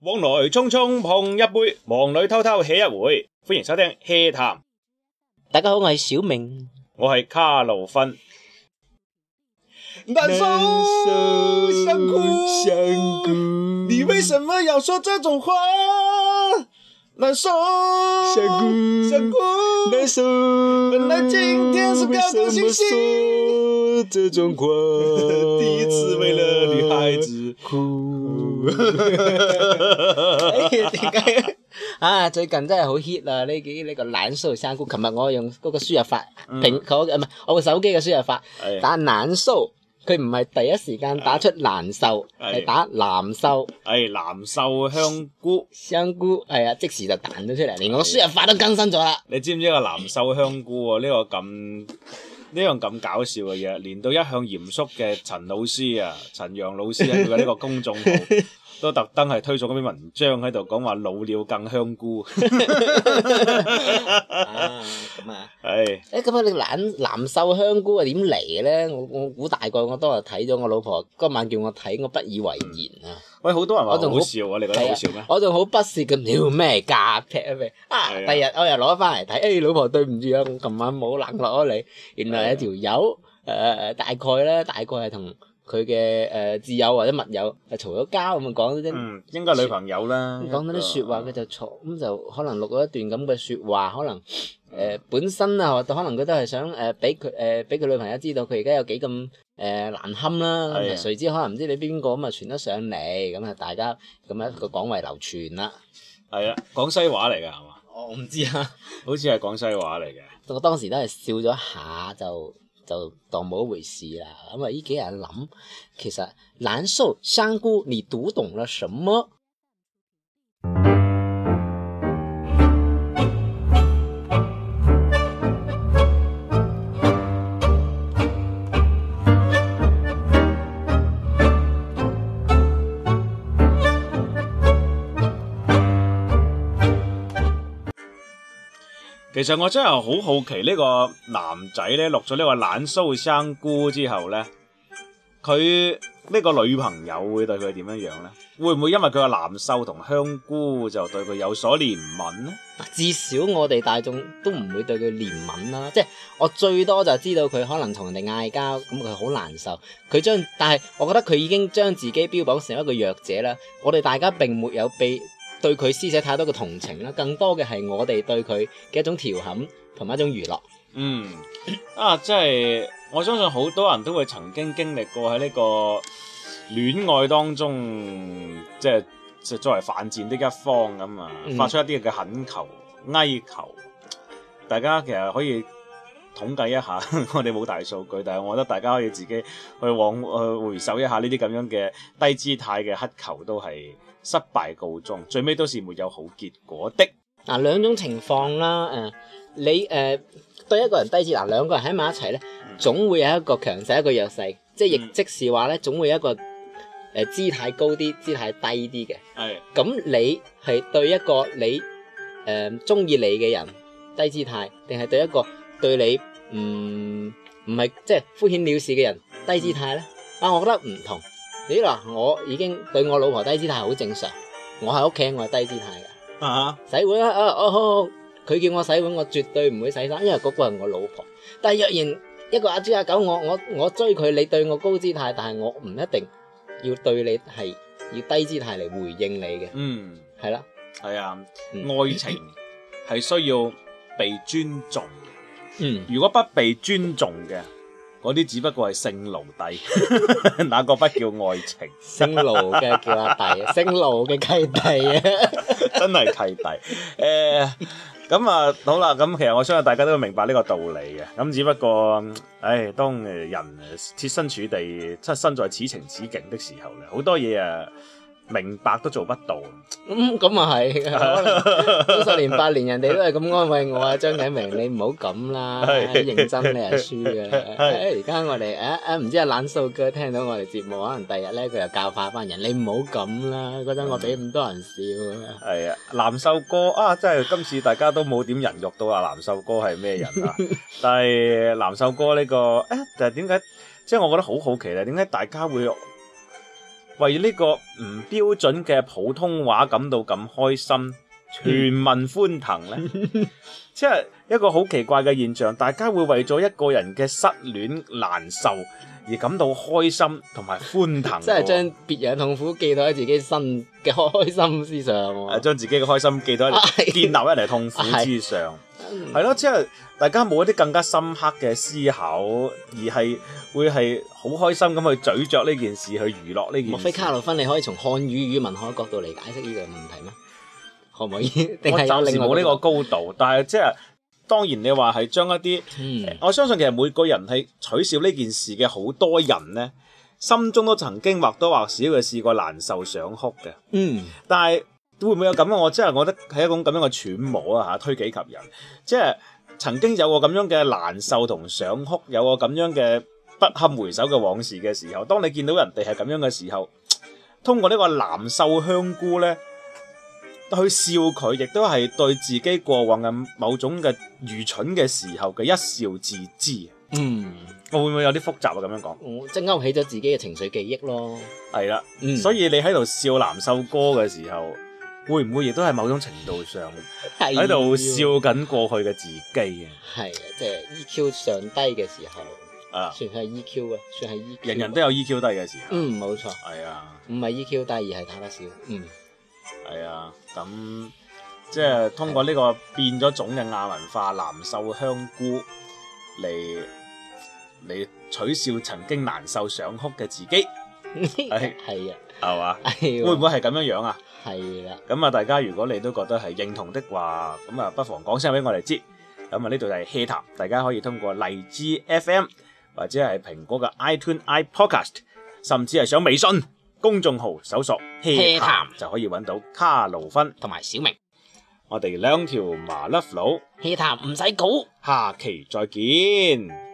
往來匆匆碰一杯，忙裏偷偷歇一會。歡迎收聽《嘿談》，大家好，我係小明，我係卡路芬。難受，想哭，想哭。你為什麼要說這種話？難受，想哭，想哭。難受，本來今天是表達開心，這種話第一次為了女孩子哭。哈點解啊？最近真係好 hit 啦！呢幾呢個藍瘦、這個、香菇，琴日我用嗰個輸入法，蘋唔係我部手機嘅輸入法，哎、打藍瘦，佢唔係第一時間打出難受，係、哎、打藍瘦，係、哎、藍瘦香，香菇，香菇係啊，即時就彈咗出嚟，連我輸入法都更新咗啦。哎、你知唔知個藍瘦香菇喎、啊？呢、這個咁。呢樣咁搞笑嘅嘢，連到一向嚴肅嘅陳老師啊，陳揚老師喺佢呢個公眾號 都特登係推咗篇文章喺度講話老了更香菇。咁 啊，誒，咁啊，是欸、你藍藍瘦香菇係點嚟嘅咧？我我估大概我都係睇咗，我老婆今晚叫我睇，我不以為然啊。嗯喂，好多人話我仲好笑喎，你覺得好笑咩？我仲好不屑咁，你話咩假劈啊咩？啊，第二日我又攞翻嚟睇，誒老婆對唔住啊，我琴晚冇冷落咗你。原來係條友誒誒，大概啦，大概係同佢嘅誒摯友或者密友係嘈咗交咁講啲。嗯，應該女朋友啦。講到啲説話佢就嘈，咁就可能錄咗一段咁嘅説話，可能誒本身啊，可能佢都係想誒俾佢誒俾佢女朋友知道佢而家有幾咁。誒難堪啦，的誰知可能唔知你邊個咁啊傳得上嚟，咁啊大家咁一個廣為流傳啦。係啊，廣西話嚟㗎係嘛？我唔知啊，好似係廣西話嚟嘅。我當時都係笑咗下，就就當冇一回事啦。咁啊呢幾日諗，其實藍瘦香菇你讀懂了什麼？其實我真係好好奇呢個男仔咧，錄咗呢個藍瘦香菇之後咧，佢呢個女朋友會對佢點樣樣咧？會唔會因為佢個藍瘦同香菇就對佢有所憐憫咧？至少我哋大衆都唔會對佢憐憫啦，即係我最多就知道佢可能同人哋嗌交，咁佢好難受，佢將但係我覺得佢已經將自己標榜成一個弱者啦。我哋大家並沒有被。對佢施捨太多嘅同情啦，更多嘅係我哋對佢嘅一種調侃同埋一種娛樂。嗯，啊，即係我相信好多人都會曾經經歷過喺呢個戀愛當中，即係作為犯賤的一方咁啊，發出一啲嘅懇求、哀、嗯、求，大家其實可以。統計一下，我哋冇大數據，但係我覺得大家可以自己去往去回首一下呢啲咁樣嘅低姿態嘅乞求，都係失敗告終，最尾都是沒有好結果的嗱。兩種情況啦，誒、呃，你誒、呃、對一個人低姿，嗱兩個人喺埋一齊咧，總會有一個強勢，一個弱勢，即係亦即是話咧，總會有一個誒姿態高啲，姿態低啲嘅。係咁的，你係對一個你誒中意你嘅人低姿態，定係對一個？對你唔唔係即係敷衍了事嘅人低姿態咧，但，我覺得唔同咦嗱，我已經對我老婆低姿態好正常，我喺屋企我係低姿態噶啊，洗碗啊哦，佢叫我洗碗，我絕對唔會洗衫，因為嗰個係我老婆。但係若然一個阿豬阿狗，我我我追佢，你對我高姿態，但係我唔一定要對你係要低姿態嚟回應你嘅，嗯，係啦，係啊，愛情係需要被尊重。嗯，如果不被尊重嘅，嗰啲只不過係性奴弟，那 個不叫愛情？性奴嘅叫阿弟，性 奴嘅契弟啊，真係契弟。誒 契，咁 啊、 嗯，好啦，咁其實我相信大家都會明白呢個道理嘅。咁只不過，唉，當誒人設身處地、出身在此情此景的時候咧，好多嘢啊。明白都做不到，咁咁啊，係。咁十年八年人哋都係咁安慰我啊，張景明你唔好咁啦，認真你就輸嘅。而家我哋誒誒唔知阿藍瘦哥聽到我哋節目，可能第日咧佢又教化翻人，你唔好咁啦。覺得我俾咁多人笑。係啊，藍瘦哥啊，真係今次大家都冇點人肉到阿藍瘦哥係咩人啊？但係藍瘦哥呢個誒，就係點解即係我覺得好好奇咧？點解大家會？為呢個唔標準嘅普通話感到咁開心，全民歡騰呢？ 即係一個好奇怪嘅現象，大家會為咗一個人嘅失戀難受而感到開心同埋歡騰，即係將別人嘅痛苦寄託喺自己心嘅開心之上，係、啊、將自己嘅開心寄託喺建立喺人哋痛苦之上。 啊對 係咯，即係大家冇一啲更加深刻嘅思考，而係會係好開心咁去咀嚼呢件事，去娛樂呢件事。莫非卡洛芬你可以從漢語語文學角度嚟解釋呢個問題咩？可唔可以？我暫時冇呢個高度， 但係即係當然你話係將一啲，嗯、我相信其實每個人係取笑呢件事嘅好多人呢，心中都曾經或多或少嘅試過難受、想哭嘅。嗯，但係。會唔會有咁樣？我真係我覺得係一種咁樣嘅揣摩啊！嚇，推己及人，即係曾經有個咁樣嘅難受同想哭，有個咁樣嘅不堪回首嘅往事嘅時候，當你見到人哋係咁樣嘅時候，通過呢個藍瘦香菇呢，去笑佢，亦都係對自己過往嘅某種嘅愚蠢嘅時候嘅一笑自知。嗯，會唔會有啲複雜啊？咁樣講，即係勾起咗自己嘅情緒記憶咯。係啦的，嗯，所以你喺度笑藍瘦哥嘅時候。會唔會亦都係某種程度上喺度笑緊過去嘅自己啊？係啊，即係 EQ 上低嘅時候啊的、e，算係 EQ 啊，算係 EQ。人人都有 EQ 低嘅時候。嗯，冇錯。係啊的，唔係 EQ 低而係打得少。嗯，係啊，咁即係通過呢個變咗種嘅亞文化藍瘦香菇嚟嚟取笑曾經難受想哭嘅自己。係 啊，係嘛？會唔會係咁樣樣啊？係啦，咁啊，大家如果你都覺得係認同的話，咁啊，不妨講聲俾我哋知。咁啊、就係，呢度就係氣談，大家可以通過荔枝 FM 或者係蘋果嘅 iTune i Podcast，甚至係上微信公眾號搜索氣談談就可以揾到卡路芬同埋小明。我哋兩條麻甩佬氣談唔使估，下期再見。